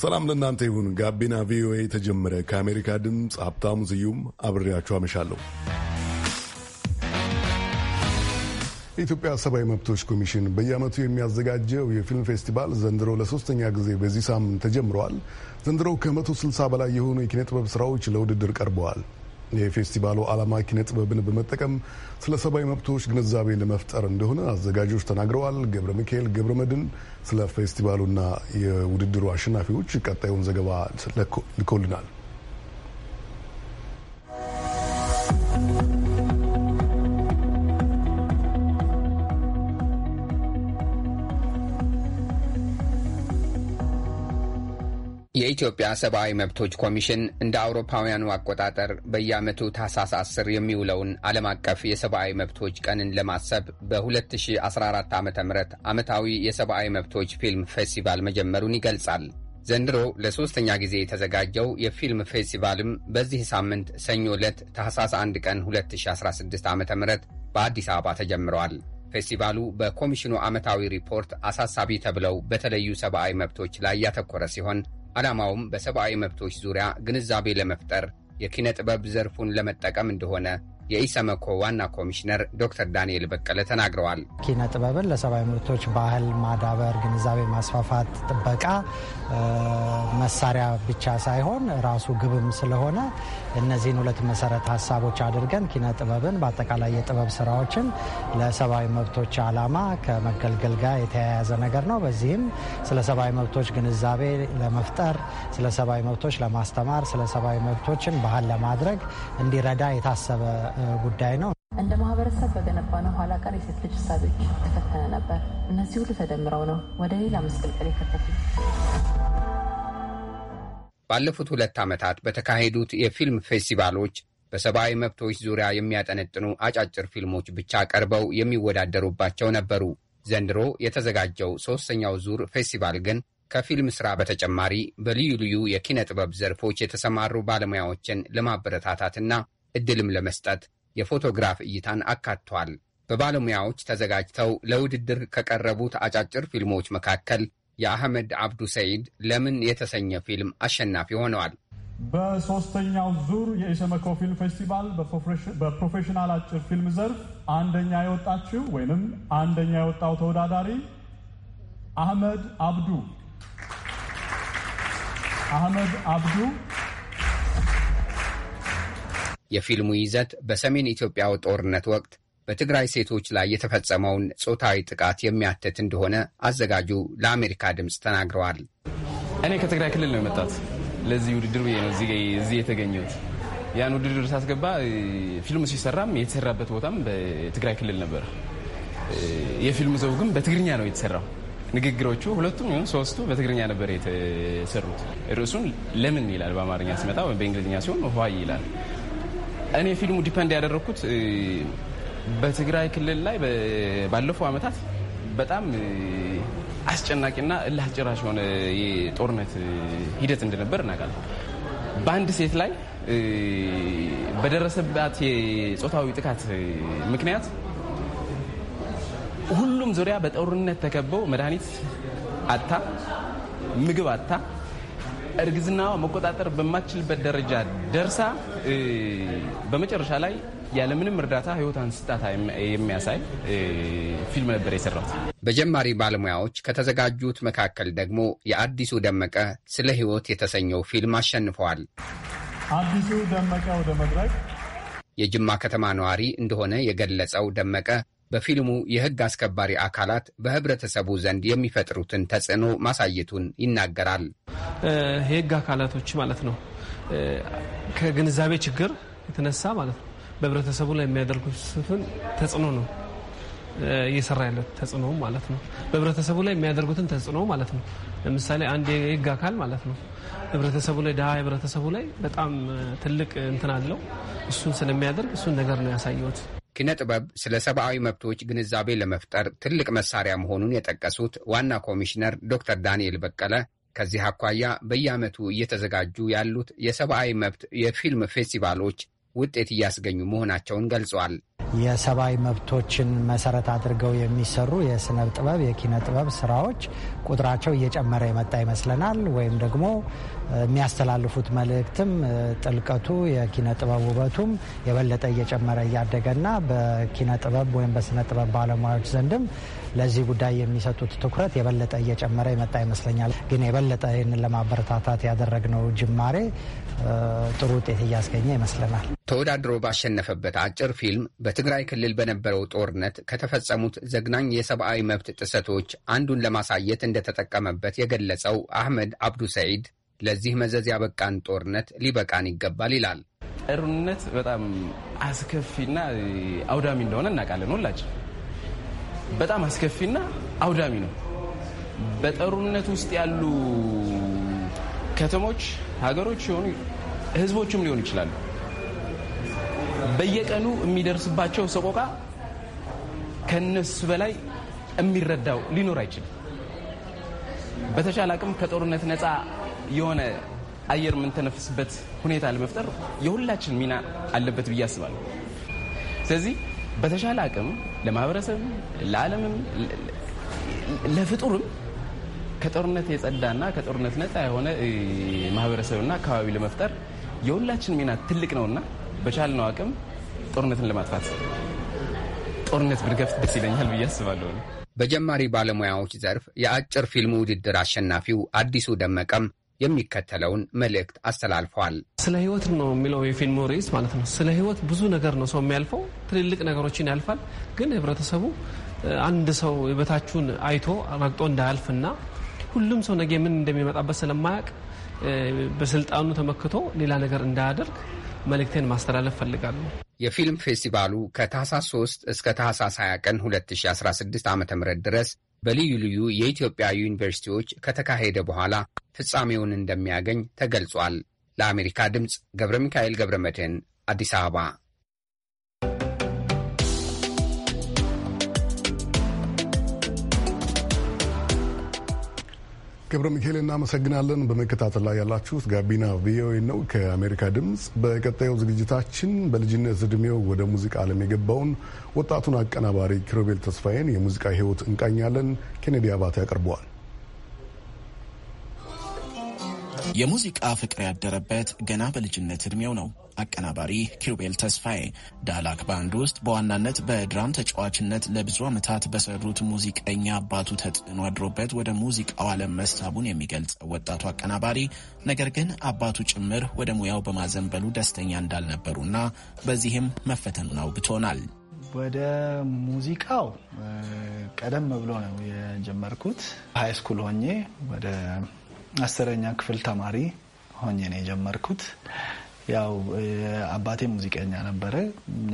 ሰላም ለእናንተ ይሁን። ጋቢና ቪኦኤ የተጀመረ ከአሜሪካ ድምፅ ሀብታሙ ስዩም አብሬያችሁ አመሻለሁ። የኢትዮጵያ ሰብአዊ መብቶች ኮሚሽን በየዓመቱ የሚያዘጋጀው የፊልም ፌስቲቫል ዘንድሮ ለሶስተኛ ጊዜ በዚህ ሳምንት ተጀምረዋል። ዘንድሮ ከመቶ 160 በላይ የሆኑ የኪነ ጥበብ ስራዎች ለውድድር ቀርበዋል። የፌስቲቫሉ ዓላማ ኪነ ጥበብን በመጠቀም ስለ ሰብአዊ መብቶች ግንዛቤ ለመፍጠር እንደሆነ አዘጋጆች ተናግረዋል። ገብረ ሚካኤል ገብረ መድን ስለ ፌስቲቫሉና የውድድሩ አሸናፊዎች ቀጣዩን ዘገባ ልኮልናል። የኢትዮጵያ ሰብአዊ መብቶች ኮሚሽን እንደ አውሮፓውያኑ አቆጣጠር በየዓመቱ ታህሳስ 10 የሚውለውን ዓለም አቀፍ የሰብአዊ መብቶች ቀንን ለማሰብ በ2014 ዓ ም ዓመታዊ የሰብአዊ መብቶች ፊልም ፌስቲቫል መጀመሩን ይገልጻል። ዘንድሮ ለሦስተኛ ጊዜ የተዘጋጀው የፊልም ፌስቲቫልም በዚህ ሳምንት ሰኞ ዕለት ታህሳስ 1 ቀን 2016 ዓ ም በአዲስ አበባ ተጀምረዋል። ፌስቲቫሉ በኮሚሽኑ ዓመታዊ ሪፖርት አሳሳቢ ተብለው በተለዩ ሰብአዊ መብቶች ላይ ያተኮረ ሲሆን ዓላማውም በሰብአዊ መብቶች ዙሪያ ግንዛቤ ለመፍጠር የኪነ ጥበብ ዘርፉን ለመጠቀም እንደሆነ የኢሰመኮ ዋና ኮሚሽነር ዶክተር ዳንኤል በቀለ ተናግረዋል። ኪነ ጥበብን ለሰብአዊ መብቶች ባህል ማዳበር፣ ግንዛቤ ማስፋፋት፣ ጥበቃ መሳሪያ ብቻ ሳይሆን ራሱ ግብም ስለሆነ እነዚህን ሁለት መሰረት ሀሳቦች አድርገን ኪነ ጥበብን በአጠቃላይ የጥበብ ስራዎችን ለሰብአዊ መብቶች አላማ ከመገልገል ጋር የተያያዘ ነገር ነው። በዚህም ስለ ሰብአዊ መብቶች ግንዛቤ ለመፍጠር፣ ስለ ሰብአዊ መብቶች ለማስተማር፣ ስለ ሰብአዊ መብቶችን ባህል ለማድረግ እንዲረዳ የታሰበ ጉዳይ ነው። እንደ ማህበረሰብ በገነባነው ኋላ ቀር የሴት ልጅ እሳቤዎች ተፈተነ ነበር። እነዚህ ሁሉ ተደምረው ነው ወደ ሌላ መስቀልቀል የከተቱ ባለፉት ሁለት ዓመታት በተካሄዱት የፊልም ፌስቲቫሎች በሰብአዊ መብቶች ዙሪያ የሚያጠነጥኑ አጫጭር ፊልሞች ብቻ ቀርበው የሚወዳደሩባቸው ነበሩ። ዘንድሮ የተዘጋጀው ሦስተኛው ዙር ፌስቲቫል ግን ከፊልም ሥራ በተጨማሪ በልዩ ልዩ የኪነ ጥበብ ዘርፎች የተሰማሩ ባለሙያዎችን ለማበረታታትና ዕድልም ለመስጠት የፎቶግራፍ እይታን አካቷል። በባለሙያዎች ተዘጋጅተው ለውድድር ከቀረቡት አጫጭር ፊልሞች መካከል የአህመድ አብዱ ሰይድ ለምን የተሰኘ ፊልም አሸናፊ ሆነዋል። በሶስተኛው ዙር የኢሰመኮ ፊልም ፌስቲቫል በፕሮፌሽናል አጭር ፊልም ዘርፍ አንደኛ የወጣችው ወይንም አንደኛ የወጣው ተወዳዳሪ አህመድ አብዱ አህመድ አብዱ የፊልሙ ይዘት በሰሜን ኢትዮጵያው ጦርነት ወቅት በትግራይ ሴቶች ላይ የተፈጸመውን ጾታዊ ጥቃት የሚያትት እንደሆነ አዘጋጁ ለአሜሪካ ድምፅ ተናግረዋል። እኔ ከትግራይ ክልል ነው የመጣት ለዚህ ውድድር ብዬ ነው እዚህ የተገኘሁት። ያን ውድድር ሳስገባ ፊልም ሲሰራም የተሰራበት ቦታም በትግራይ ክልል ነበር። የፊልሙ ዘውግም ግን በትግርኛ ነው የተሰራው። ንግግሮቹ ሁለቱም ይሁን ሶስቱ በትግርኛ ነበር የተሰሩት። ርዕሱን ለምን ይላል በአማርኛ ሲመጣ፣ በእንግሊዝኛ ሲሆን ውሃ ይላል። እኔ ፊልሙ ዲፐንድ ያደረግኩት በትግራይ ክልል ላይ ባለፈው ዓመታት በጣም አስጨናቂና እልህ አስጨራሽ የሆነ የጦርነት ሂደት እንደነበር እናውቃለን። በአንድ ሴት ላይ በደረሰባት የጾታዊ ጥቃት ምክንያት ሁሉም ዙሪያ በጦርነት ተከበው መድኃኒት አታ፣ ምግብ አታ፣ እርግዝናዋ መቆጣጠር በማችልበት ደረጃ ደርሳ በመጨረሻ ላይ ያለምንም እርዳታ ህይወት አንስጣታ የሚያሳይ ፊልም ነበር የሰራት። በጀማሪ ባለሙያዎች ከተዘጋጁት መካከል ደግሞ የአዲሱ ደመቀ ስለ ህይወት የተሰኘው ፊልም አሸንፈዋል። አዲሱ ደመቀ ወደ መድረክ የጅማ ከተማ ነዋሪ እንደሆነ የገለጸው ደመቀ በፊልሙ የህግ አስከባሪ አካላት በህብረተሰቡ ዘንድ የሚፈጥሩትን ተጽዕኖ ማሳየቱን ይናገራል። የህግ አካላቶች ማለት ነው ከግንዛቤ ችግር የተነሳ ማለት ነው በህብረተሰቡ ላይ የሚያደርጉት ስፍን ተጽዕኖ ነው እየሰራ ያለ ተጽዕኖ ማለት ነው። በህብረተሰቡ ላይ የሚያደርጉትን ተጽዕኖ ማለት ነው። ለምሳሌ አንድ የህግ አካል ማለት ነው ህብረተሰቡ ላይ ድሀ ህብረተሰቡ ላይ በጣም ትልቅ እንትን አለው። እሱን ስለሚያደርግ እሱን ነገር ነው ያሳየሁት። ኪነ ጥበብ ስለ ሰብአዊ መብቶች ግንዛቤ ለመፍጠር ትልቅ መሳሪያ መሆኑን የጠቀሱት ዋና ኮሚሽነር ዶክተር ዳንኤል በቀለ ከዚህ አኳያ በየዓመቱ እየተዘጋጁ ያሉት የሰብአዊ መብት የፊልም ፌስቲቫሎች ውጤት እያስገኙ መሆናቸውን ገልጿል። የሰብአዊ መብቶችን መሰረት አድርገው የሚሰሩ የስነ ጥበብ፣ የኪነ ጥበብ ስራዎች ቁጥራቸው እየጨመረ የመጣ ይመስለናል ወይም ደግሞ የሚያስተላልፉት መልእክትም ጥልቀቱ የኪነ ጥበብ ውበቱም የበለጠ እየጨመረ እያደገና በኪነ ጥበብ ወይም በስነ ጥበብ ባለሙያዎች ዘንድም ለዚህ ጉዳይ የሚሰጡት ትኩረት የበለጠ እየጨመረ የመጣ ይመስለኛል። ግን የበለጠ ይህንን ለማበረታታት ያደረግነው ጅማሬ ጥሩ ውጤት እያስገኘ ይመስለናል። ተወዳድሮ ባሸነፈበት አጭር ፊልም በትግራይ ክልል በነበረው ጦርነት ከተፈጸሙት ዘግናኝ የሰብአዊ መብት ጥሰቶች አንዱን ለማሳየት እንደተጠቀመበት የገለጸው አህመድ አብዱ ሰዒድ ለዚህ መዘዝ ያበቃን ጦርነት ሊበቃን ይገባል ይላል። ጦርነት በጣም አስከፊና አውዳሚ እንደሆነ እናውቃለን። ሁላችን በጣም አስከፊና አውዳሚ ነው። በጦርነት ውስጥ ያሉ ከተሞች፣ ሀገሮች የሆኑ ህዝቦችም ሊሆኑ ይችላሉ። በየቀኑ የሚደርስባቸው ሰቆቃ ከነሱ በላይ የሚረዳው ሊኖር አይችልም። በተቻለ አቅም ከጦርነት ነፃ የሆነ አየር የምንተነፍስበት ሁኔታ ለመፍጠር የሁላችን ሚና አለበት ብዬ አስባለሁ። ስለዚህ በተሻለ አቅም ለማህበረሰብ ለዓለምም፣ ለፍጡርም ከጦርነት የጸዳና ከጦርነት ነጻ የሆነ ማህበረሰብና አካባቢ ለመፍጠር የሁላችን ሚና ትልቅ ነውና በቻልነው አቅም ጦርነትን ለማጥፋት ጦርነት ብንገፍት ደስ ይለኛል ብዬ አስባለሁ። በጀማሪ ባለሙያዎች ዘርፍ የአጭር ፊልም ውድድር አሸናፊው አዲሱ ደመቀም የሚከተለውን መልእክት አስተላልፈዋል። ስለ ህይወት ነው የሚለው የፊልሙ ርዕስ ማለት ነው። ስለ ህይወት ብዙ ነገር ነው ሰው የሚያልፈው፣ ትልልቅ ነገሮችን ያልፋል። ግን ህብረተሰቡ አንድ ሰው የበታችሁን አይቶ ረግጦ እንዳያልፍና ሁሉም ሰው ነገ ምን እንደሚመጣበት ስለማያውቅ በስልጣኑ ተመክቶ ሌላ ነገር እንዳያደርግ መልእክቴን ማስተላለፍ ፈልጋለሁ። የፊልም ፌስቲቫሉ ከታህሳስ 3 እስከ ታህሳስ 20 ቀን 2016 ዓ ም ድረስ በልዩ ልዩ የኢትዮጵያ ዩኒቨርሲቲዎች ከተካሄደ በኋላ ፍጻሜውን እንደሚያገኝ ተገልጿል። ለአሜሪካ ድምፅ ገብረ ሚካኤል ገብረ መድህን አዲስ አበባ ገብረ ሚካኤል እናመሰግናለን። በመከታተል ላይ ያላችሁት ጋቢና ቪኦኤ ነው ከአሜሪካ ድምፅ። በቀጣዩ ዝግጅታችን በልጅነት እድሜው ወደ ሙዚቃ ዓለም የገባውን ወጣቱን አቀናባሪ ኪሮቤል ተስፋዬን የሙዚቃ ሕይወት እንቃኛለን። ኬኔዲ አባተ ያቀርበዋል። የሙዚቃ ፍቅር ያደረበት ገና በልጅነት እድሜው ነው። አቀናባሪ ኪሩቤል ተስፋዬ ዳላክ ባንድ ውስጥ በዋናነት በድራም ተጫዋችነት ለብዙ ዓመታት በሰሩት ሙዚቀኛ አባቱ ተጽዕኖ አድሮበት ወደ ሙዚቃው ዓለም መሳቡን የሚገልጽ ወጣቱ አቀናባሪ ነገር ግን አባቱ ጭምር ወደ ሙያው በማዘንበሉ ደስተኛ እንዳልነበሩና በዚህም መፈተኑን አውግቶናል። ወደ ሙዚቃው ቀደም ብሎ ነው የጀመርኩት። ሃይስኩል ሆኜ ወደ አስረኛ ክፍል ተማሪ ሆኜ ነው የጀመርኩት። ያው አባቴ ሙዚቀኛ ነበረ።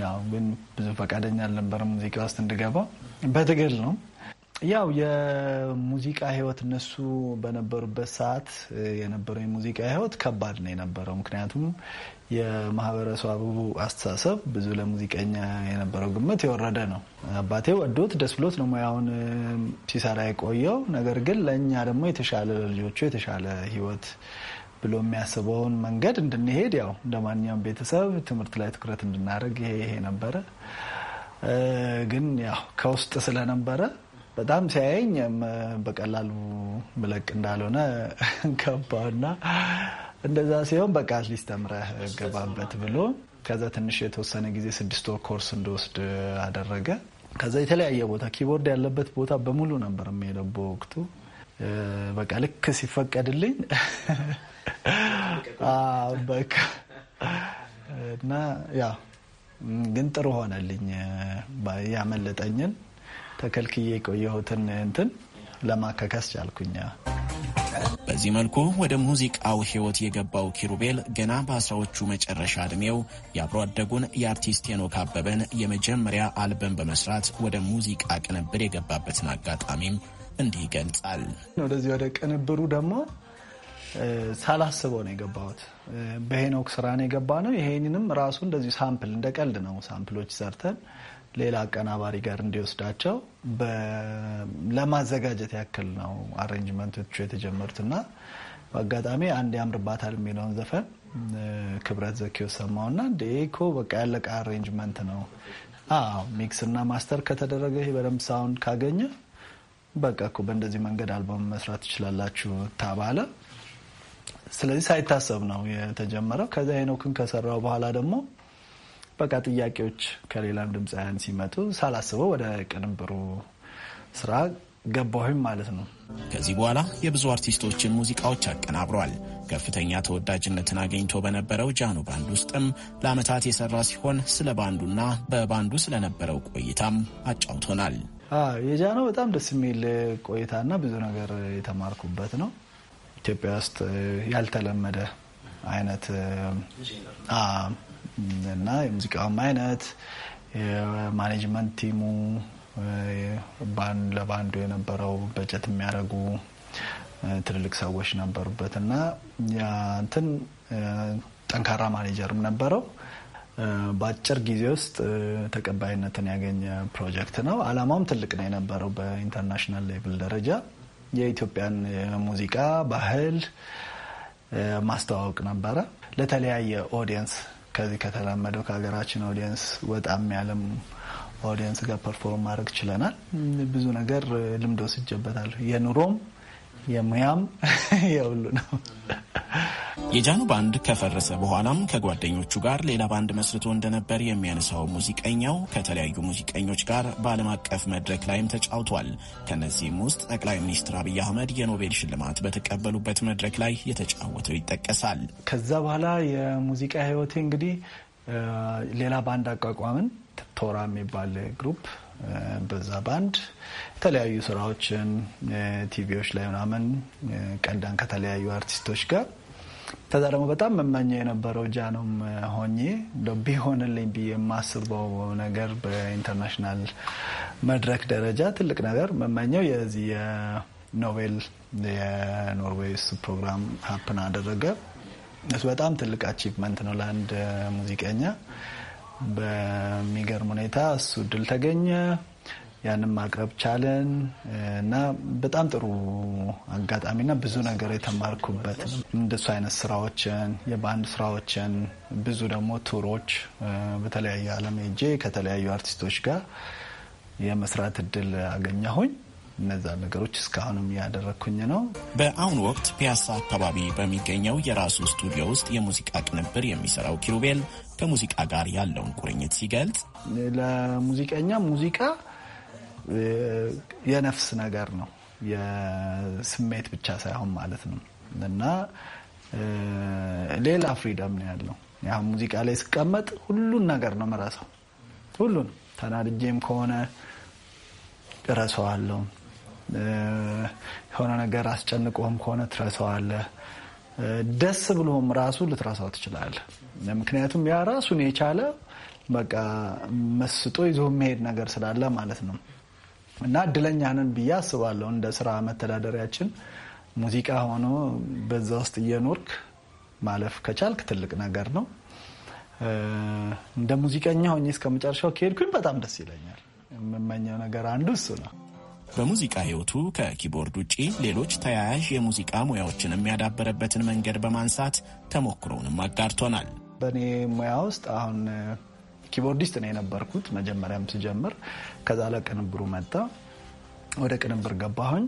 ያው ግን ብዙ ፈቃደኛ አልነበረ ሙዚቃ ውስጥ እንድገባ በትግል ነው ያው የሙዚቃ ህይወት እነሱ በነበሩበት ሰዓት የነበረው የሙዚቃ ህይወት ከባድ ነው የነበረው። ምክንያቱም የማህበረሰቡ አስተሳሰብ ብዙ ለሙዚቀኛ የነበረው ግምት የወረደ ነው። አባቴ ወዶት ደስ ብሎት ነው ሙያውን ሲሰራ የቆየው። ነገር ግን ለእኛ ደግሞ የተሻለ ለልጆቹ የተሻለ ህይወት ብሎ የሚያስበውን መንገድ እንድንሄድ ያው እንደ ማንኛውም ቤተሰብ ትምህርት ላይ ትኩረት እንድናደርግ ይሄ ይሄ ነበረ። ግን ያው ከውስጥ ስለነበረ በጣም ሲያየኝ በቀላሉ ምለቅ እንዳልሆነ ገባና እንደዛ ሲሆን በቃ አትሊስት ተምረህ ገባበት ብሎ ከዛ ትንሽ የተወሰነ ጊዜ ስድስት ወር ኮርስ እንደወስድ አደረገ። ከዛ የተለያየ ቦታ ኪቦርድ ያለበት ቦታ በሙሉ ነበር የሚሄደው በወቅቱ በቃ ልክ ሲፈቀድልኝ በቃ እና ያ ግን ጥሩ ሆነልኝ ያመለጠኝን ተከልክዬ የቆየሁትን እንትን ለማከከስ ቻልኩኛ። በዚህ መልኩ ወደ ሙዚቃው ህይወት የገባው ኪሩቤል ገና በአስራዎቹ መጨረሻ ዕድሜው የአብሮ አደጉን የአርቲስት ሄኖክ አበበን የመጀመሪያ አልበም በመስራት ወደ ሙዚቃ ቅንብር የገባበትን አጋጣሚም እንዲህ ይገልጻል። ወደዚህ ወደ ቅንብሩ ደግሞ ሳላስበው ነው የገባሁት። በሄኖክ ስራ ነው የገባ ነው። ይሄንንም ራሱ እንደዚህ ሳምፕል እንደ ቀልድ ነው ሳምፕሎች ሰርተን ሌላ አቀናባሪ ጋር እንዲወስዳቸው ለማዘጋጀት ያክል ነው አሬንጅመንቶቹ የተጀመሩትና በአጋጣሚ አንድ ያምርባታል የሚለውን ዘፈን ክብረት ዘኪው ና ዴኮ በቃ ያለቀ አሬንጅመንት ነው። ሚክስ እና ማስተር ከተደረገ ይሄ በደንብ ሳውንድ ካገኘ በቃ እኮ በእንደዚህ መንገድ አልበም መስራት ትችላላችሁ ተባለ። ስለዚህ ሳይታሰብ ነው የተጀመረው። ከዚያ አይኖክን ከሰራው በኋላ ደግሞ በቃ ጥያቄዎች ከሌላም ድምፃውያን ሲመጡ ሳላስበው ወደ ቅንብሩ ስራ ገባሁም ማለት ነው። ከዚህ በኋላ የብዙ አርቲስቶችን ሙዚቃዎች አቀናብሯል። ከፍተኛ ተወዳጅነትን አገኝቶ በነበረው ጃኖ ባንድ ውስጥም ለአመታት የሰራ ሲሆን ስለ ባንዱና በባንዱ ስለነበረው ቆይታም አጫውቶናል። የጃኖ በጣም ደስ የሚል ቆይታና ብዙ ነገር የተማርኩበት ነው። ኢትዮጵያ ውስጥ ያልተለመደ አይነት እና የሙዚቃውም አይነት የማኔጅመንት ቲሙ ለባንዱ የነበረው በጀት የሚያደርጉ ትልልቅ ሰዎች ነበሩበት እና እንትን ጠንካራ ማኔጀርም ነበረው። በአጭር ጊዜ ውስጥ ተቀባይነትን ያገኘ ፕሮጀክት ነው። አላማውም ትልቅ ነው የነበረው። በኢንተርናሽናል ሌቭል ደረጃ የኢትዮጵያን ሙዚቃ ባህል ማስተዋወቅ ነበረ ለተለያየ ኦዲየንስ ከዚህ ከተለመደው ከሀገራችን ኦዲየንስ ወጣም ያለም ኦዲየንስ ጋር ፐርፎርም ማድረግ ችለናል። ብዙ ነገር ልምድ ወስጀበታል። የኑሮም የሙያም የሁሉ ነው። የጃኑ ባንድ ከፈረሰ በኋላም ከጓደኞቹ ጋር ሌላ ባንድ መስርቶ እንደነበር የሚያነሳው ሙዚቀኛው ከተለያዩ ሙዚቀኞች ጋር በዓለም አቀፍ መድረክ ላይም ተጫውቷል። ከነዚህም ውስጥ ጠቅላይ ሚኒስትር አብይ አህመድ የኖቤል ሽልማት በተቀበሉበት መድረክ ላይ የተጫወተው ይጠቀሳል። ከዛ በኋላ የሙዚቃ ህይወቴ እንግዲህ ሌላ ባንድ አቋቋምን። ቶራ የሚባል ግሩፕ በዛ ባንድ የተለያዩ ስራዎችን ቲቪዎች ላይ ምናምን ቀዳን ከተለያዩ አርቲስቶች ጋር። ከዛ ደግሞ በጣም መመኘ የነበረው ጃኖም ሆኜ ቢሆንልኝ ብዬ የማስበው ነገር በኢንተርናሽናል መድረክ ደረጃ ትልቅ ነገር መመኘው የዚህ የኖቤል የኖርዌይስ ፕሮግራም ሀፕን አደረገ። እሱ በጣም ትልቅ አቺቭመንት ነው ለአንድ ሙዚቀኛ። በሚገርም ሁኔታ እሱ እድል ተገኘ። ያንም ማቅረብ ቻለን እና በጣም ጥሩ አጋጣሚና ብዙ ነገር የተማርኩበት እንደሱ አይነት ስራዎችን የባንድ ስራዎችን ብዙ ደግሞ ቱሮች በተለያዩ ዓለም ሄጄ ከተለያዩ አርቲስቶች ጋር የመስራት እድል አገኘሁኝ። እነዛ ነገሮች እስካሁንም ያደረግኩኝ ነው። በአሁኑ ወቅት ፒያሳ አካባቢ በሚገኘው የራሱ ስቱዲዮ ውስጥ የሙዚቃ ቅንብር የሚሰራው ኪሩቤል ከሙዚቃ ጋር ያለውን ቁርኝት ሲገልጽ ለሙዚቀኛ ሙዚቃ የነፍስ ነገር ነው፣ የስሜት ብቻ ሳይሆን ማለት ነው እና ሌላ ፍሪደም ነው ያለው። ያ ሙዚቃ ላይ ስቀመጥ ሁሉን ነገር ነው የምረሳው። ሁሉን ተናድጄም ከሆነ እረሳዋለሁ። የሆነ ነገር አስጨንቆም ከሆነ ትረሳዋለህ። ደስ ብሎም ራሱ ልትረሳው ትችላለህ። ምክንያቱም ያ ራሱን የቻለ በቃ መስጦ ይዞ የሚሄድ ነገር ስላለ ማለት ነው። እና እድለኛ ብዬ አስባለሁ። እንደ ስራ መተዳደሪያችን ሙዚቃ ሆኖ በዛ ውስጥ እየኖርክ ማለፍ ከቻልክ ትልቅ ነገር ነው። እንደ ሙዚቀኛ ሆኜ እስከ መጨረሻው ከሄድኩኝ በጣም ደስ ይለኛል። የምመኘው ነገር አንዱ እሱ ነው። በሙዚቃ ህይወቱ ከኪቦርድ ውጪ ሌሎች ተያያዥ የሙዚቃ ሙያዎችን የሚያዳበረበትን መንገድ በማንሳት ተሞክሮውንም አጋርቶናል። በእኔ ሙያ ውስጥ አሁን ኪቦርዲስት ነው የነበርኩት መጀመሪያም ስጀምር። ከዛ ለቅንብሩ መጣ፣ ወደ ቅንብር ገባሁኝ።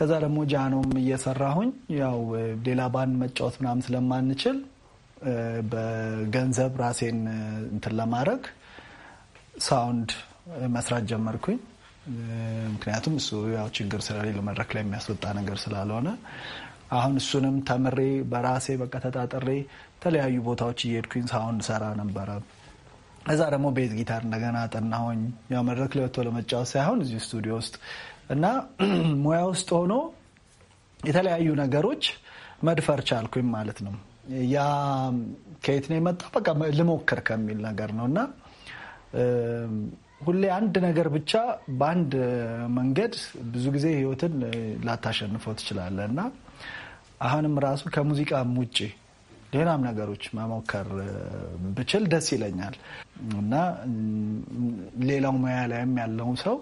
ከዛ ደግሞ ጃኖም እየሰራሁኝ ያው ሌላ ባንድ መጫወት ምናምን ስለማንችል በገንዘብ ራሴን እንትን ለማድረግ ሳውንድ መስራት ጀመርኩኝ። ምክንያቱም እሱ ያው ችግር ስለሌለው መድረክ ላይ የሚያስወጣ ነገር ስላልሆነ አሁን እሱንም ተምሬ በራሴ በቃ ተጣጥሬ የተለያዩ ቦታዎች እየሄድኩኝ ሳውንድ ሰራ ነበረ። እዛ ደግሞ ቤዝ ጊታር እንደገና ጠናሆኝ ያው መድረክ ላይ ወጥቶ ለመጫወት ሳይሆን እዚሁ ስቱዲዮ ውስጥ እና ሙያ ውስጥ ሆኖ የተለያዩ ነገሮች መድፈር ቻልኩኝ ማለት ነው። ያ ከየት ነው የመጣ በቃ ልሞክር ከሚል ነገር ነው እና ሁሌ አንድ ነገር ብቻ በአንድ መንገድ ብዙ ጊዜ ህይወትን ላታሸንፈው ትችላለ እና አሁንም ራሱ ከሙዚቃም ውጭ ሌላም ነገሮች መሞከር ብችል ደስ ይለኛል እና ሌላው ሙያ ላይም ያለው ሰው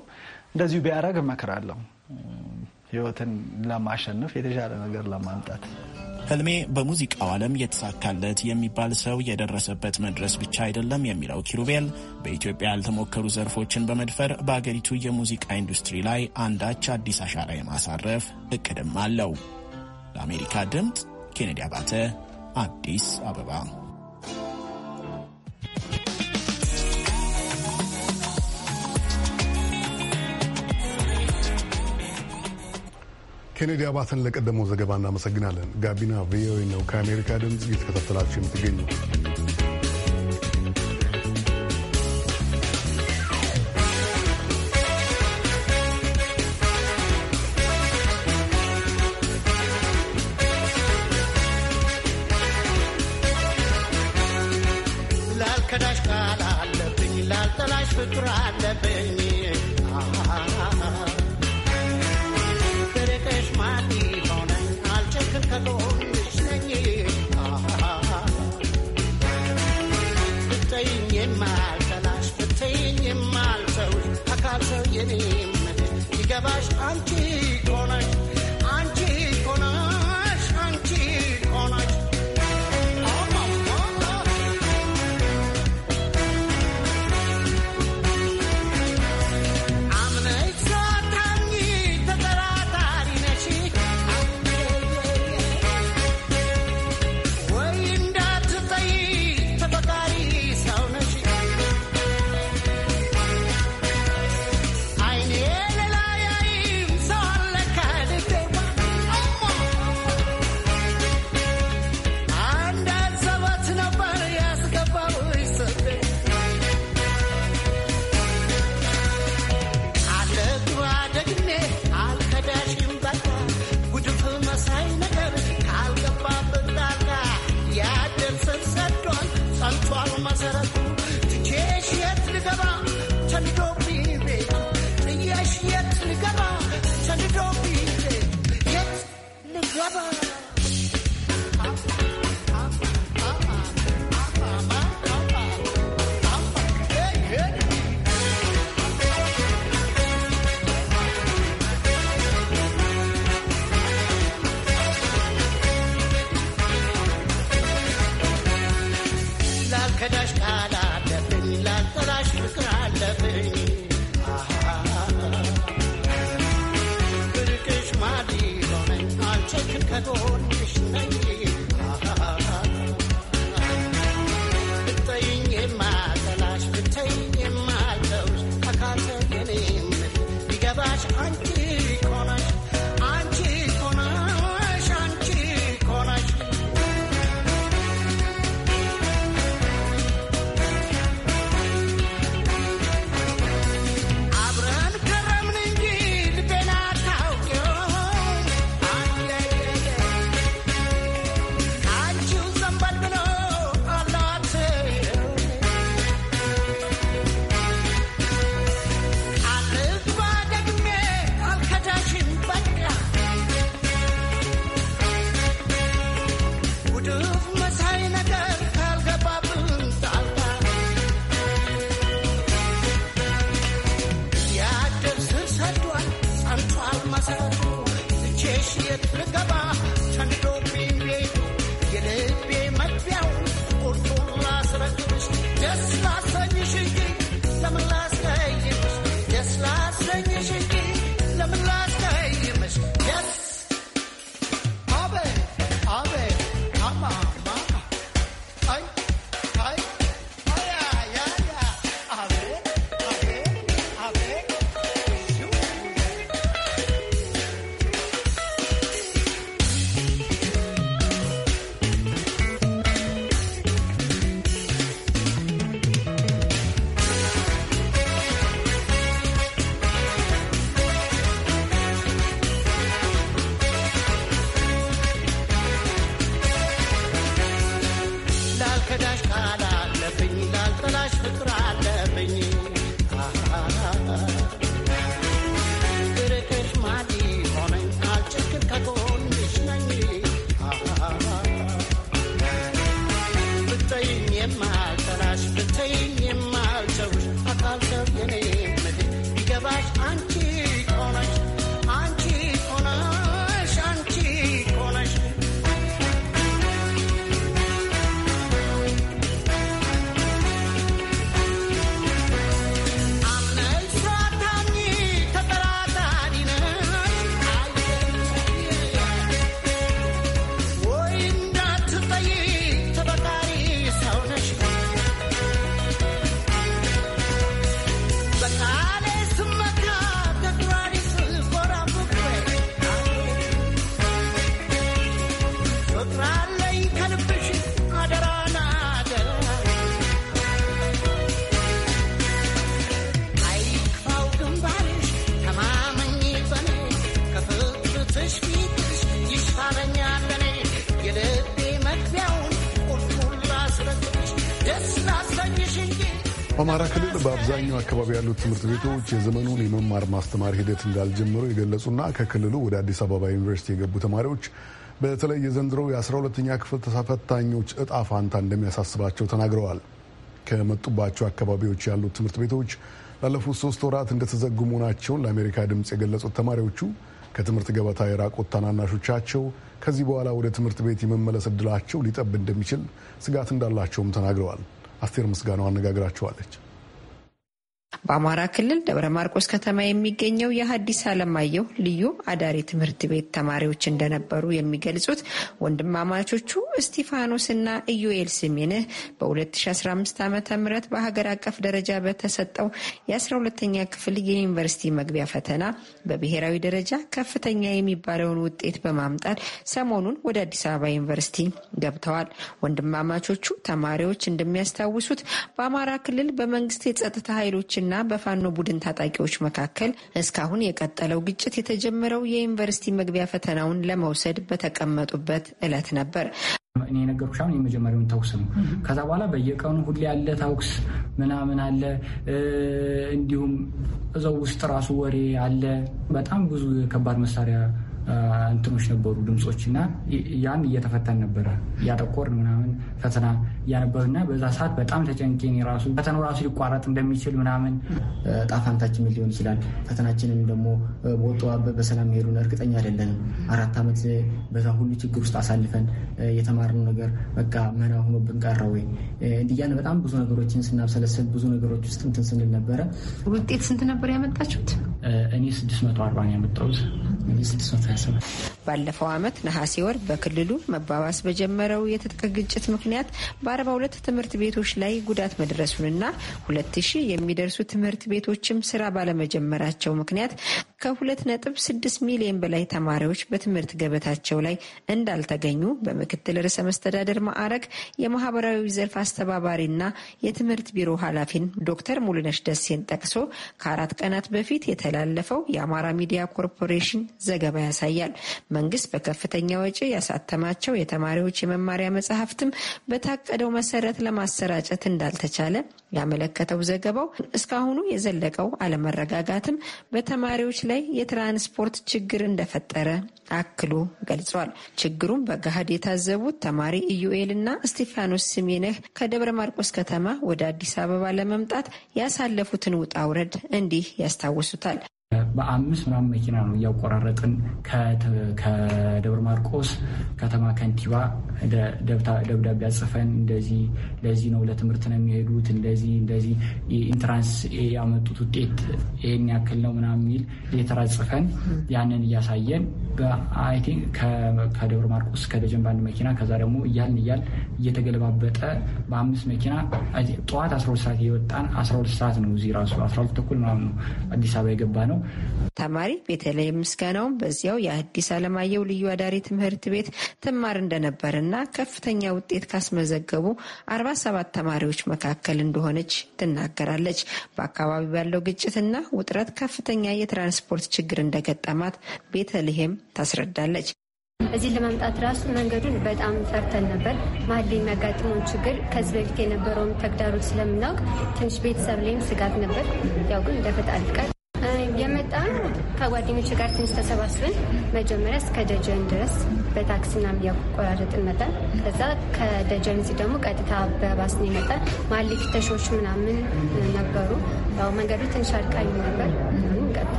እንደዚሁ ቢያደርግ እመክራለሁ ህይወትን ለማሸነፍ የተሻለ ነገር ለማምጣት ህልሜ በሙዚቃው ዓለም የተሳካለት የሚባል ሰው የደረሰበት መድረስ ብቻ አይደለም የሚለው ኪሩቤል በኢትዮጵያ ያልተሞከሩ ዘርፎችን በመድፈር በአገሪቱ የሙዚቃ ኢንዱስትሪ ላይ አንዳች አዲስ አሻራ የማሳረፍ እቅድም አለው። ለአሜሪካ ድምፅ ኬኔዲ አባተ አዲስ አበባ ኬኔዲ አባተን ለቀደመው ዘገባ እናመሰግናለን። ጋቢና ቪኦኤ ነው ከአሜሪካ ድምፅ እየተከታተላችሁ የምትገኙ 太多。አካባቢ ያሉት ትምህርት ቤቶች የዘመኑን የመማር ማስተማር ሂደት እንዳልጀመሩ የገለጹና ከክልሉ ወደ አዲስ አበባ ዩኒቨርሲቲ የገቡ ተማሪዎች በተለይ የዘንድሮው የ12ኛ ክፍል ተፈታኞች እጣ ፋንታ እንደሚያሳስባቸው ተናግረዋል። ከመጡባቸው አካባቢዎች ያሉት ትምህርት ቤቶች ላለፉት ሶስት ወራት እንደተዘጉ መሆናቸውን ለአሜሪካ ድምፅ የገለጹት ተማሪዎቹ ከትምህርት ገበታ የራቁት ታናናሾቻቸው ከዚህ በኋላ ወደ ትምህርት ቤት የመመለስ እድላቸው ሊጠብ እንደሚችል ስጋት እንዳላቸውም ተናግረዋል። አስቴር ምስጋናው አነጋግራቸዋለች። በአማራ ክልል ደብረ ማርቆስ ከተማ የሚገኘው የሀዲስ አለማየሁ ልዩ አዳሪ ትምህርት ቤት ተማሪዎች እንደነበሩ የሚገልጹት ወንድማማቾቹ እና ኢዩኤል ስሜንህ በ2015 ዓ ም በሀገር አቀፍ ደረጃ በተሰጠው የ12ተኛ ክፍል የዩኒቨርሲቲ መግቢያ ፈተና በብሔራዊ ደረጃ ከፍተኛ የሚባለውን ውጤት በማምጣት ሰሞኑን ወደ አዲስ አበባ ዩኒቨርሲቲ ገብተዋል። ወንድማማቾቹ ተማሪዎች እንደሚያስታውሱት በአማራ ክልል በመንግስት የጸጥታ ኃይሎችና እና በፋኖ ቡድን ታጣቂዎች መካከል እስካሁን የቀጠለው ግጭት የተጀመረው የዩኒቨርሲቲ መግቢያ ፈተናውን ለመውሰድ በተቀመጡበት ዕለት ነበር። እኔ የነገርኩሽ አሁን የመጀመሪያውን ተኩስ ነው። ከዛ በኋላ በየቀኑ ሁሌ ያለ ተኩስ ምናምን አለ። እንዲሁም እዛው ውስጥ ራሱ ወሬ አለ። በጣም ብዙ ከባድ መሳሪያ እንትኖች ነበሩ ድምፆች እና ያን እየተፈተን ነበረ እያጠቆርን ምናምን ፈተና እያነበብና በዛ ሰዓት በጣም ተጨንቄን ራሱ ፈተናው ራሱ ሊቋረጥ እንደሚችል ምናምን ጣፋንታችን ሊሆን ይችላል። ፈተናችንም ደግሞ ወጦ በሰላም መሄዱን እርግጠኛ አይደለንም። አራት ዓመት በዛ ሁሉ ችግር ውስጥ አሳልፈን የተማርነው ነገር በቃ መና ሆኖ ብንቀረ ወይ እንዲያን በጣም ብዙ ነገሮችን ስናብሰለሰል ብዙ ነገሮች ውስጥ እንትን ስንል ነበረ። ውጤት ስንት ነበር ያመጣችሁት? እኔ ስድስት መቶ አርባ ነው ያመጣሁት። 2017 ባለፈው ዓመት ነሐሴ ወር በክልሉ መባባስ በጀመረው የትጥቅ ግጭት ምክንያት በ ሁለት ትምህርት ቤቶች ላይ ጉዳት መድረሱንና ሺህ የሚደርሱ ትምህርት ቤቶችም ስራ ባለመጀመራቸው ምክንያት ከ26 ሚሊዮን በላይ ተማሪዎች በትምህርት ገበታቸው ላይ እንዳልተገኙ በምክትል ርዕሰ መስተዳደር ማዕረግ የማህበራዊ ዘርፍ አስተባባሪና የትምህርት ቢሮ ኃላፊን ዶክተር ሙሉነሽ ደሴን ጠቅሶ ከአራት ቀናት በፊት የተላለፈው የአማራ ሚዲያ ኮርፖሬሽን ዘገባ ያሳያል። መንግስት በከፍተኛ ወጪ ያሳተማቸው የተማሪዎች የመማሪያ መጽሐፍትም በታቀደው መሰረት ለማሰራጨት እንዳልተቻለ ያመለከተው ዘገባው እስካሁኑ የዘለቀው አለመረጋጋትም በተማሪዎች ላይ የትራንስፖርት ችግር እንደፈጠረ አክሎ ገልጿል። ችግሩም በገሃድ የታዘቡት ተማሪ ኢዩኤል እና እስጢፋኖስ ስሜነህ ከደብረ ማርቆስ ከተማ ወደ አዲስ አበባ ለመምጣት ያሳለፉትን ውጣ ውረድ እንዲህ ያስታውሱታል። በአምስት ምናምን መኪና ነው እያቆራረጥን ከደብረ ማርቆስ ከተማ ከንቲባ ደብዳቤ ጽፈን እንደዚህ ለዚህ ነው ለትምህርት ነው የሚሄዱት እንደዚህ እንደዚህ ኢንትራንስ ያመጡት ውጤት ይሄን ያክል ነው ምናምን የሚል ሌተራ ጽፈን ያንን እያሳየን አይ ቲንክ ከደብረ ማርቆስ ከደጀን በአንድ መኪና ከዛ ደግሞ እያልን እያል እየተገለባበጠ በአምስት መኪና ጠዋት 12 ሰዓት እየወጣን 12 ሰዓት ነው እዚህ ራሱ 12 ተኩል ምናምን ነው አዲስ አበባ የገባ ነው። ተማሪ ቤተልሔም ምስጋናውም በዚያው የአዲስ አለማየሁ ልዩ አዳሪ ትምህርት ቤት ትማር እንደነበርና ከፍተኛ ውጤት ካስመዘገቡ አርባ ሰባት ተማሪዎች መካከል እንደሆነች ትናገራለች። በአካባቢው ባለው ግጭትና ውጥረት ከፍተኛ የትራንስፖርት ችግር እንደገጠማት ቤተልሔም ታስረዳለች። እዚህ ለመምጣት ራሱ መንገዱን በጣም ፈርተን ነበር። መሀል ላይ የሚያጋጥመውን ችግር ከዚህ በፊት የነበረውን ተግዳሮት ስለምናውቅ ትንሽ ቤተሰብ ላይም ስጋት ነበር። ያው ግን እንደፈጣሪ ቀር የመጣ ነው ከጓደኞች ጋር ትንሽ ተሰባስበን መጀመሪያ እስከ ደጀን ድረስ በታክሲና እያቆራረጥን መጣን። ከዛ ከደጀን እዚህ ደግሞ ቀጥታ በባስ ነው ማሊ ፍተሾች ምናምን ነበሩ። ያው መንገዱ ትንሽ አድካሚ ነበር።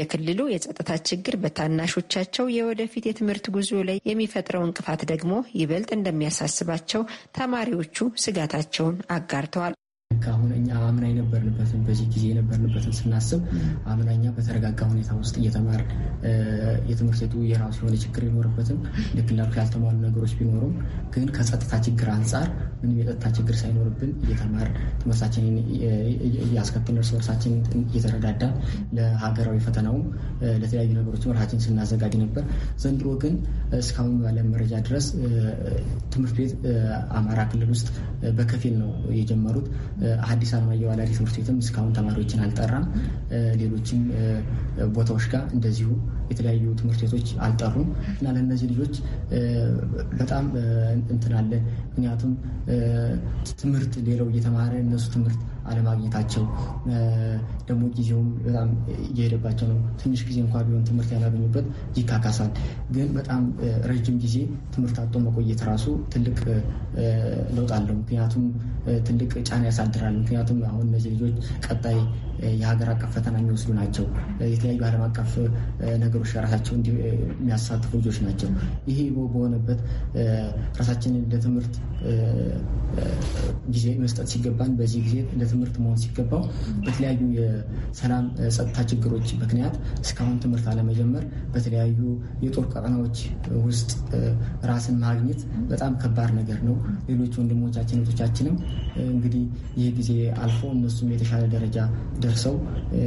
የክልሉ የጸጥታ ችግር በታናሾቻቸው የወደፊት የትምህርት ጉዞ ላይ የሚፈጥረው እንቅፋት ደግሞ ይበልጥ እንደሚያሳስባቸው ተማሪዎቹ ስጋታቸውን አጋርተዋል። ልክ አሁን እኛ አምና የነበርንበትን በዚህ ጊዜ የነበርንበትን ስናስብ አምናኛ በተረጋጋ ሁኔታ ውስጥ እየተማር የትምህርት ቤቱ የራሱ የሆነ ችግር ቢኖርበትም ልክ እንዳልኩ ያልተሟሉ ነገሮች ቢኖሩም ግን ከጸጥታ ችግር አንጻር ምንም የጸጥታ ችግር ሳይኖርብን እየተማር ትምህርታችንን እያስከተልን እርስ በርሳችን እየተረዳዳ ለሀገራዊ ፈተናውም ለተለያዩ ነገሮች ራሳችን ስናዘጋጅ ነበር። ዘንድሮ ግን እስካሁን ባለ መረጃ ድረስ ትምህርት ቤት አማራ ክልል ውስጥ በከፊል ነው የጀመሩት። አዲስ አለማየሁ አዳሪ ትምህርት ቤትም እስካሁን ተማሪዎችን አልጠራም። ሌሎችም ቦታዎች ጋር እንደዚሁ የተለያዩ ትምህርት ቤቶች አልጠሩም እና ለእነዚህ ልጆች በጣም እንትናለን ምክንያቱም ትምህርት ሌላው እየተማረ እነሱ ትምህርት አለማግኘታቸው ደግሞ ጊዜውም በጣም እየሄደባቸው ነው። ትንሽ ጊዜ እንኳ ቢሆን ትምህርት ያላገኙበት ይካካሳል። ግን በጣም ረጅም ጊዜ ትምህርት አጥቶ መቆየት ራሱ ትልቅ ለውጥ አለው። ምክንያቱም ትልቅ ጫና ያሳድራል። ምክንያቱም አሁን እነዚህ ልጆች ቀጣይ የሀገር አቀፍ ፈተና የሚወስዱ ናቸው። የተለያዩ ዓለም አቀፍ ነገሮች ራሳቸው የሚያሳትፉ ልጆች ናቸው። ይሄ በሆነበት ራሳችንን ለትምህርት ጊዜ መስጠት ሲገባን በዚህ ጊዜ ለትምህርት መሆን ሲገባው በተለያዩ የሰላም ጸጥታ ችግሮች ምክንያት እስካሁን ትምህርት አለመጀመር በተለያዩ የጦር ቀጠናዎች ውስጥ ራስን ማግኘት በጣም ከባድ ነገር ነው። ሌሎች ወንድሞቻችን እህቶቻችንም እንግዲህ ይህ ጊዜ አልፎ እነሱም የተሻለ ደረጃ ደርሰው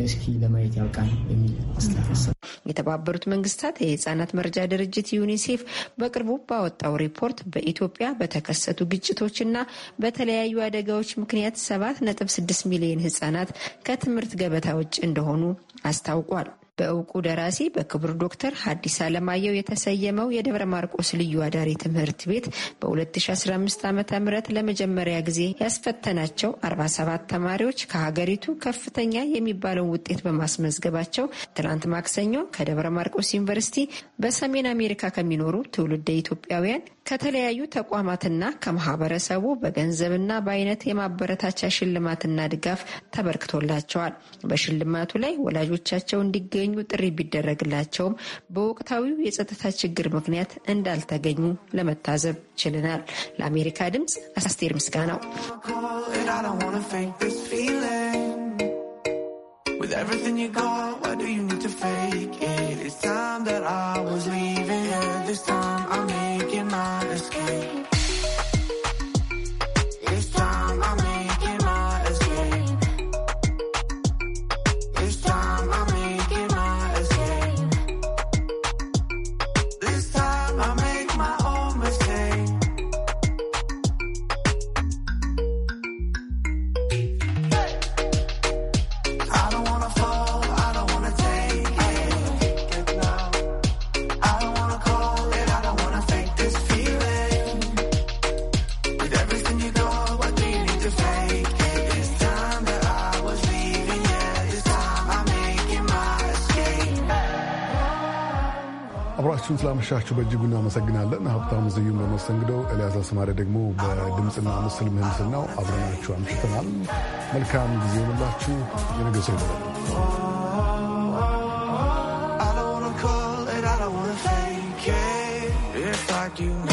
እስኪ ለማየት ያውቃል የሚል ስላሳሰብ የተባበሩት መንግስታት የህጻናት መርጃ ድርጅት ዩኒሴፍ በቅርቡ ባወጣው ሪፖርት በኢትዮጵያ በተከሰቱ ግጭቶችና በተለያዩ አደጋዎች ምክንያት ሰባት ነጥብ ስድስት ሚሊዮን ህጻናት ከትምህርት ገበታ ውጭ እንደሆኑ አስታውቋል። በእውቁ ደራሲ በክቡር ዶክተር ሀዲስ ዓለማየሁ የተሰየመው የደብረ ማርቆስ ልዩ አዳሪ ትምህርት ቤት በ2015 ዓ ም ለመጀመሪያ ጊዜ ያስፈተናቸው 47 ተማሪዎች ከሀገሪቱ ከፍተኛ የሚባለውን ውጤት በማስመዝገባቸው ትናንት ማክሰኞ ከደብረ ማርቆስ ዩኒቨርሲቲ በሰሜን አሜሪካ ከሚኖሩ ትውልደ ኢትዮጵያውያን ከተለያዩ ተቋማትና ከማህበረሰቡ በገንዘብና በአይነት የማበረታቻ ሽልማትና ድጋፍ ተበርክቶላቸዋል። በሽልማቱ ላይ ወላጆቻቸው እንዲገ እንዲገኙ ጥሪ ቢደረግላቸውም በወቅታዊው የጸጥታ ችግር ምክንያት እንዳልተገኙ ለመታዘብ ችለናል። ለአሜሪካ ድምፅ አስቴር ምስጋናው። አመሻችሁ በእጅጉና አመሰግናለን። ሀብታሙ ዝዩም በመስተንግዶው፣ ኤልያስ አስማሪ ደግሞ በድምፅና ምስል ምህንድስናው አብረናችሁ አምሽተናል። መልካም ጊዜ ይሁንላችሁ። የነገ ሰው ይበላል። you